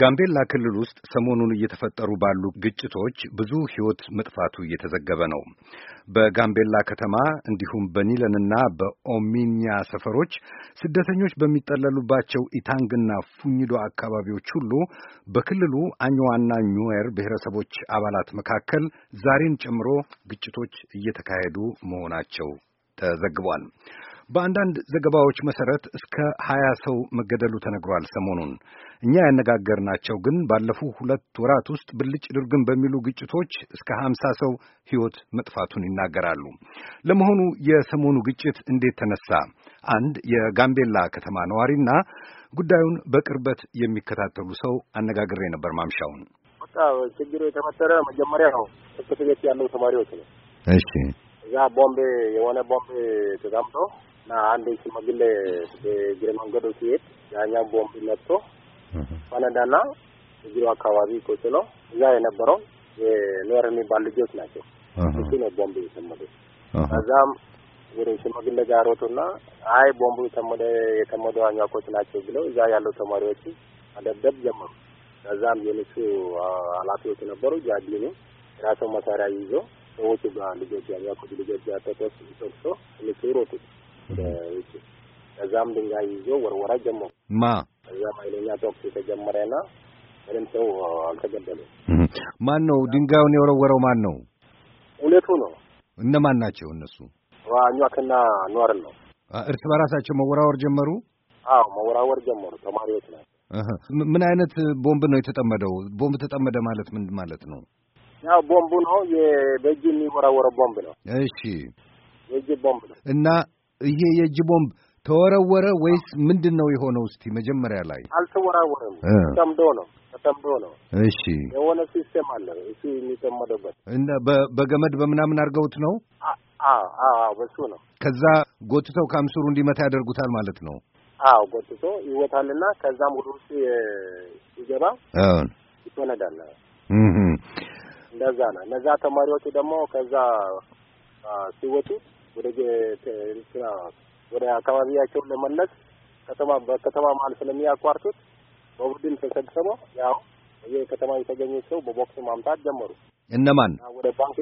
ጋምቤላ ክልል ውስጥ ሰሞኑን እየተፈጠሩ ባሉ ግጭቶች ብዙ ሕይወት መጥፋቱ እየተዘገበ ነው። በጋምቤላ ከተማ እንዲሁም በኒለንና በኦሚኛ ሰፈሮች ስደተኞች በሚጠለሉባቸው ኢታንግና ፉኝዶ አካባቢዎች ሁሉ በክልሉ አኝዋና ኙዌር ብሔረሰቦች አባላት መካከል ዛሬን ጨምሮ ግጭቶች እየተካሄዱ መሆናቸው ተዘግቧል። በአንዳንድ ዘገባዎች መሰረት እስከ ሀያ ሰው መገደሉ ተነግሯል። ሰሞኑን እኛ ያነጋገርናቸው ግን ባለፉ ሁለት ወራት ውስጥ ብልጭ ድርግም በሚሉ ግጭቶች እስከ ሀምሳ ሰው ሕይወት መጥፋቱን ይናገራሉ። ለመሆኑ የሰሞኑ ግጭት እንዴት ተነሳ? አንድ የጋምቤላ ከተማ ነዋሪና ጉዳዩን በቅርበት የሚከታተሉ ሰው አነጋግሬ ነበር። ማምሻውን በቃ ችግሩ የተፈጠረ መጀመሪያ ነው ትምህርት ቤት ተማሪዎች ነው። እሺ እዛ ቦምቤ የሆነ ቦምቤ ተዛምቶ እና አንድ ሽማግሌ እግረ መንገዱ ሲሄድ ያኛው ቦምብ መጥቶ ፈነዳና እግሩ አካባቢ ቆስሎ እዛ የነበረው የኖር የሚባል ልጆች ናቸው። እሱ ነው ቦምብ የተመደ። ከዛም ወደ ሽማግሌ ጋር ሮጡና አይ ቦምቡ የተመደ የተመደ አኛኮች ናቸው ብለው እዛ ያለው ተማሪዎች አደብደብ ጀመሩ። ከዛም የነሱ ኃላፊዎች ነበሩ ጃግሊኒ የራሰው መሳሪያ ይዞ ሰዎቹ ጋር ልጆች ያኛኮች ልጆች ጋር ተቆስ ተቆሶ እነሱ ሮጡት። ውጭ ከዛም ድንጋይ ይዞ ወርወራ ጀመሩ። ማ ከዛም ኃይለኛ ተኩስ የተጀመረና ምንም ሰው አልተገደለም። ማን ነው ድንጋዩን የወረወረው? ማን ነው? ሁለቱ ነው። እነማን ናቸው እነሱ? ዋኟክና ኗር ነው። እርስ በራሳቸው መወራወር ጀመሩ። አዎ መወራወር ጀመሩ። ተማሪዎች ናቸው። ምን አይነት ቦምብ ነው የተጠመደው? ቦምብ ተጠመደ ማለት ምን ማለት ነው? ያው ቦምቡ ነው በእጅ የሚወራወረው ቦምብ ነው። እሺ የእጅ ቦምብ ነው። እና ይሄ የእጅ ቦምብ ተወረወረ ወይስ ምንድን ነው የሆነው? እስቲ መጀመሪያ ላይ አልተወራወረም። ተጠምዶ ነው ተጠምዶ ነው። እሺ የሆነ ሲስቴም አለ እሱ የሚጠመደበት እና በገመድ በምናምን አድርገውት ነው። አዎ በሱ ነው። ከዛ ጎትተው ካምሱሩ እንዲመታ ያደርጉታል ማለት ነው። አዎ ጎትቶ ይወታልና ከዛም ሁሉ ውስጥ ይገባ ይፈነዳል። እንደዛ ነው። እነዛ ተማሪዎቹ ደግሞ ከዛ ሲወጡት ወደ ኤርትራ ወደ አካባቢያቸውን ለመለስ ከተማ በከተማ መሀል ስለሚያቋርጡት በቡድን ተሰብስበው ያው የከተማ የተገኘ ሰው በቦክስ ማምጣት ጀመሩ። እነማን ወደ ባንክ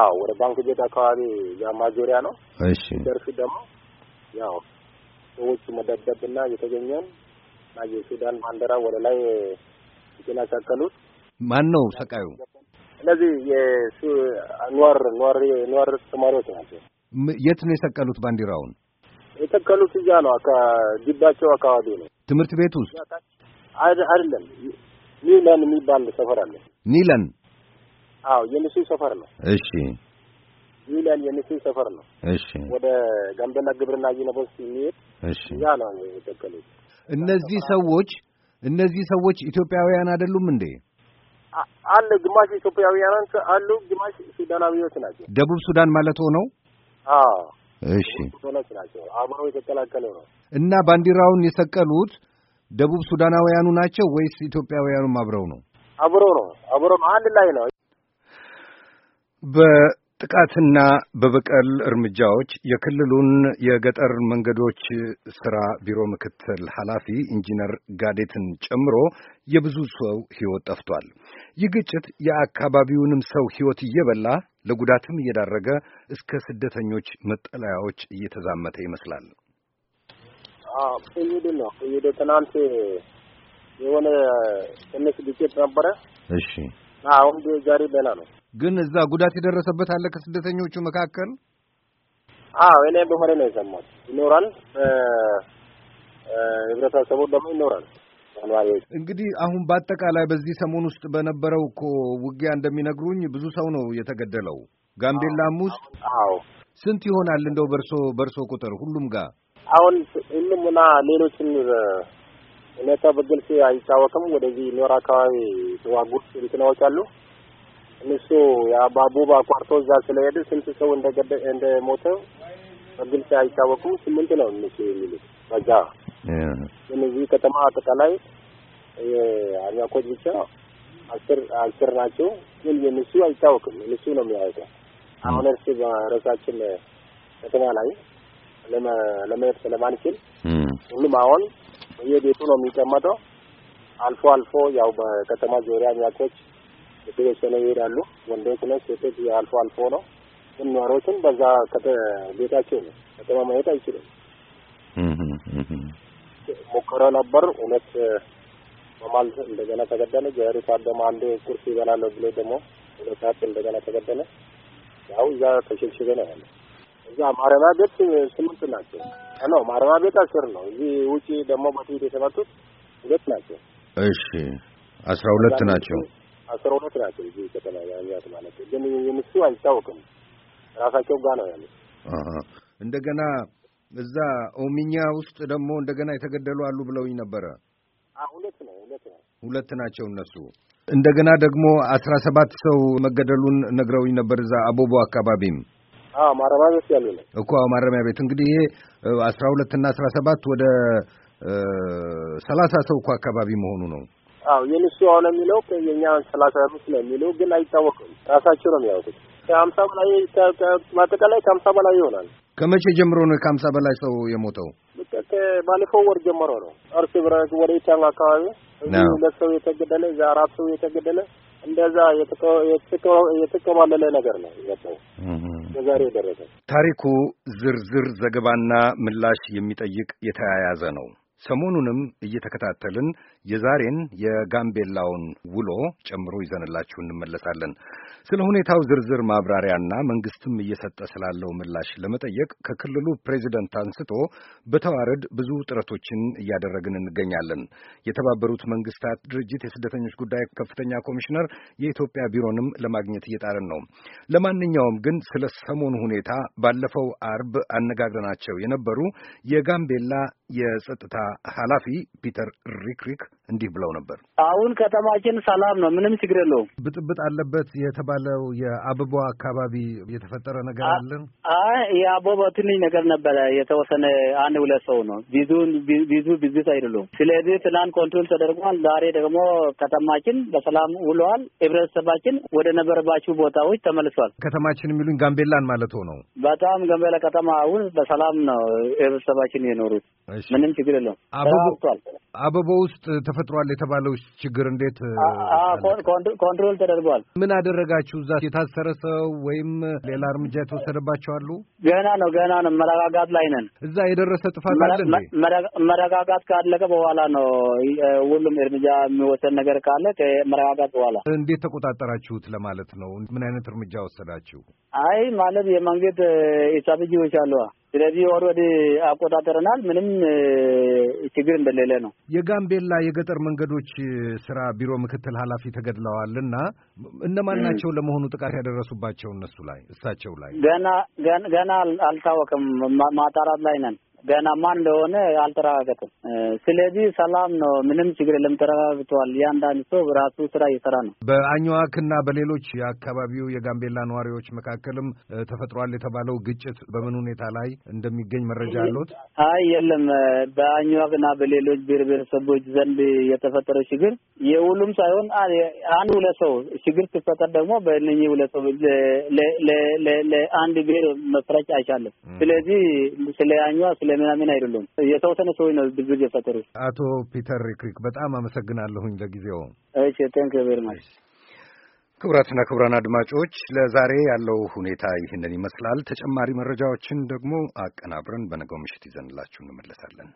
አዎ፣ ወደ ባንክ ቤት አካባቢ ያ ማዞሪያ ነው። እሺ፣ ደርሱ ደግሞ ያው ሰዎች መደብደብና የተገኘን እና የሱዳን ባንዲራ ወደ ላይ የተላቀቀሉት ማን ነው ሰቃዩ? እነዚህ የሱ ኗር ኗር ኗር ተማሪዎች ናቸው። የት ነው የሰቀሉት ባንዲራውን? የሰቀሉት እዚያ ነው፣ ከግቢያቸው አካባቢ ነው። ትምህርት ቤት ውስጥ አይደለም። ኒለን የሚባል ሰፈር አለ። ኒለን? አዎ፣ የንሱ ሰፈር ነው። እሺ ኒለን የንሱ ሰፈር ነው። እሺ፣ ወደ ጋምቤላ ግብርና ዩኒቨርሲቲ የሚሄድ እሺ፣ እዚያ ነው የተከሉት። እነዚህ ሰዎች እነዚህ ሰዎች ኢትዮጵያውያን አይደሉም እንዴ? አለ ግማሽ ኢትዮጵያውያን አሉ፣ ግማሽ ሱዳናዊዎች ናቸው። ደቡብ ሱዳን ማለት ሆነው እሺ ቶላች ናቸው። አብረው የተቀላቀለ ነው እና ባንዲራውን የሰቀሉት ደቡብ ሱዳናውያኑ ናቸው ወይስ ኢትዮጵያውያኑም አብረው ነው? አብረው ነው። አብረው አንድ ላይ ነው። ጥቃትና በበቀል እርምጃዎች የክልሉን የገጠር መንገዶች ስራ ቢሮ ምክትል ኃላፊ ኢንጂነር ጋዴትን ጨምሮ የብዙ ሰው ሕይወት ጠፍቷል። ይህ ግጭት የአካባቢውንም ሰው ሕይወት እየበላ ለጉዳትም እየዳረገ እስከ ስደተኞች መጠለያዎች እየተዛመተ ይመስላል። ቅይድ ነው። ቅይድ ትናንት የሆነ ትንሽ ግጭት ነበረ። እሺ፣ አሁን ዛሬ ደህና ነው። ግን እዛ ጉዳት የደረሰበት አለ ከስደተኞቹ መካከል? አዎ እኔ በሆነ ነው የሰማሁት። ይኖራል፣ ህብረተሰቡ ደግሞ ይኖራል። እንግዲህ አሁን በአጠቃላይ በዚህ ሰሞን ውስጥ በነበረው እኮ ውጊያ እንደሚነግሩኝ ብዙ ሰው ነው የተገደለው ጋምቤላም ውስጥ። አዎ ስንት ይሆናል እንደው በርሶ በርሶ ቁጥር ሁሉም ጋር አሁን ሁሉም እና ሌሎችን ሁኔታ በግልጽ አይታወቅም። ወደዚህ ኖር አካባቢ ተዋጉት እንትናዎች አሉ እነሱ የአባቡ አቋርጦ እዛ ስለሄደ ስንት ሰው እንደገደ እንደሞተ በግልጽ አይታወቁም። ስምንት ነው እነሱ የሚሉት በዛ ግን እዚህ ከተማ አጠቃላይ የአኛኮች ብቻ አስር አስር ናቸው። ግን የእነሱ አይታወቅም። እነሱ ነው የሚያወቀው። አሁን እርስ በራሳችን ከተማ ላይ ለመሄድ ስለማንችል ሁሉም አሁን በየቤቱ ነው የሚቀመጠው። አልፎ አልፎ ያው በከተማ ዙሪያ አሚያኮች የተወሰነ ይሄዳሉ። ወንዶች ሁለት ሴቶች አልፎ አልፎ ነው። እኗሮችን በዛ ከቤታቸው ነው ከተማ ማየት አይችልም። ሞከረ ነበር እውነት በማል እንደገና ተገደለ። ጀሪ ታደመ አንድ ቁርስ ይበላለሁ ብሎ ደግሞ ሁለት ሰዓት እንደገና ተገደለ። ያው እዛ ተሸልሽገ ነው ያለ። እዛ ማረሚያ ቤት ስምንት ናቸው ነው ማረሚያ ቤት አስር ነው። እዚህ ውጪ ደግሞ በፊት የተመቱት ሁለት ናቸው። እሺ አስራ ሁለት ናቸው። አስራ ሁለት ናቸው እዚህ ከተለያዩ ያሉት ማለት ግን የምሱ አይታወቅም ራሳቸው ጋር ነው ያሉት። እንደገና እዛ ኦሚኛ ውስጥ ደግሞ እንደገና የተገደሉ አሉ ብለውኝ ነበረ። ሁለት ነው ሁለት ነው ሁለት ናቸው እነሱ። እንደገና ደግሞ አስራ ሰባት ሰው መገደሉን ነግረውኝ ነበር እዛ አቦቦ አካባቢም ማረሚያ ቤት ያሉ ነው እኮ ማረሚያ ቤት እንግዲህ ይሄ አስራ ሁለት እና አስራ ሰባት ወደ ሰላሳ ሰው እኮ አካባቢ መሆኑ ነው። አዎ የእነሱ አሁን የሚለው የእኛን ሰላሳ አምስት ነው የሚለው ግን አይታወቅም። ራሳቸው ነው የሚያውቁት። ከሀምሳ በላይ ማጠቃላይ ከሀምሳ በላይ ይሆናል። ከመቼ ጀምሮ ነው ከሀምሳ በላይ ሰው የሞተው? ባለፈው ወር ጀምሮ ነው። እርስ ብረት ወደ ኢታንግ አካባቢ ሁለት ሰው የተገደለ እዛ አራት ሰው የተገደለ እንደዛ የተቀባለለ ነገር ነው ይመጣው በዛሬ የደረሰ ታሪኩ ዝርዝር ዘገባና ምላሽ የሚጠይቅ የተያያዘ ነው። ሰሞኑንም እየተከታተልን የዛሬን የጋምቤላውን ውሎ ጨምሮ ይዘንላችሁ እንመለሳለን። ስለ ሁኔታው ዝርዝር ማብራሪያና መንግስትም እየሰጠ ስላለው ምላሽ ለመጠየቅ ከክልሉ ፕሬዚደንት አንስቶ በተዋረድ ብዙ ጥረቶችን እያደረግን እንገኛለን። የተባበሩት መንግስታት ድርጅት የስደተኞች ጉዳይ ከፍተኛ ኮሚሽነር የኢትዮጵያ ቢሮንም ለማግኘት እየጣርን ነው። ለማንኛውም ግን ስለ ሰሞኑ ሁኔታ ባለፈው አርብ አነጋግረናቸው የነበሩ የጋምቤላ የጸጥታ ኃላፊ ፒተር ሪክሪክ እንዲህ ብለው ነበር። አሁን ከተማችን ሰላም ነው፣ ምንም ችግር የለውም። ብጥብጥ አለበት የተባለው የአበቦ አካባቢ የተፈጠረ ነገር አለን። የአበቦ ትንሽ ነገር ነበረ፣ የተወሰነ አንድ ሁለት ሰው ነው፣ ብዙ ቢዙት አይደሉም። ስለዚህ ትናንት ኮንትሮል ተደርጓል። ዛሬ ደግሞ ከተማችን በሰላም ውለዋል። ህብረተሰባችን ወደ ነበረባቸው ቦታዎች ተመልሷል። ከተማችን የሚሉኝ ጋምቤላን ማለት ነው። በጣም ጋምቤላ ከተማ አሁን በሰላም ነው ህብረተሰባችን የኖሩት። ምንም ችግር የለውም። አበቦ ውስጥ ተፈጥሯል የተባለው ችግር እንዴት ኮንትሮል ተደርጓል? ምን አደረጋችሁ? እዛ የታሰረ ሰው ወይም ሌላ እርምጃ የተወሰደባቸው አሉ? ገና ነው ገና ነው። መረጋጋት ላይ ነን። እዛ የደረሰ ጥፋት አለ መረጋጋት ካለቀ በኋላ ነው ሁሉም እርምጃ የሚወሰድ ነገር ካለ መረጋጋት በኋላ። እንዴት ተቆጣጠራችሁት ለማለት ነው። ምን አይነት እርምጃ ወሰዳችሁ? አይ ማለት የመንገድ ኢሳብ አለዋ ስለዚህ ኦልሬዲ አቆጣጠርናል። ምንም ችግር እንደሌለ ነው። የጋምቤላ የገጠር መንገዶች ስራ ቢሮ ምክትል ኃላፊ ተገድለዋል እና እነማን ናቸው ለመሆኑ ጥቃት ያደረሱባቸው እነሱ ላይ እሳቸው ላይ ገና ገና አልታወቅም። ማጣራት ላይ ነን። ገና ማን እንደሆነ አልተረጋገጠም። ስለዚህ ሰላም ነው፣ ምንም ችግር የለም፣ ተረጋግቷል። እያንዳንድ ሰው ራሱ ስራ እየሰራ ነው። በአኝዋክ እና በሌሎች የአካባቢው የጋምቤላ ነዋሪዎች መካከልም ተፈጥሯል የተባለው ግጭት በምን ሁኔታ ላይ እንደሚገኝ መረጃ አለት አይ የለም። በአኝዋክ እና በሌሎች ብሔር ብሔረሰቦች ዘንድ የተፈጠረ ችግር የሁሉም ሳይሆን አንድ ሁለት ሰው ችግር ሲፈጠር ደግሞ በእነኚህ ሁለት ሰው ለአንድ ብሔር መፍረጭ አይቻልም። ስለዚህ ስለ አኝዋ ስለ ምናምን አይደሉም። የተወሰነ ሰዎች ነው ብዝብዝ የፈጠሩት። አቶ ፒተር ሪክሪክ በጣም አመሰግናለሁኝ ለጊዜው። እሺ ቴንክ ቬሪ ማች። ክቡራትና ክቡራን አድማጮች ለዛሬ ያለው ሁኔታ ይህንን ይመስላል። ተጨማሪ መረጃዎችን ደግሞ አቀናብረን በነገው ምሽት ይዘንላችሁ እንመለሳለን።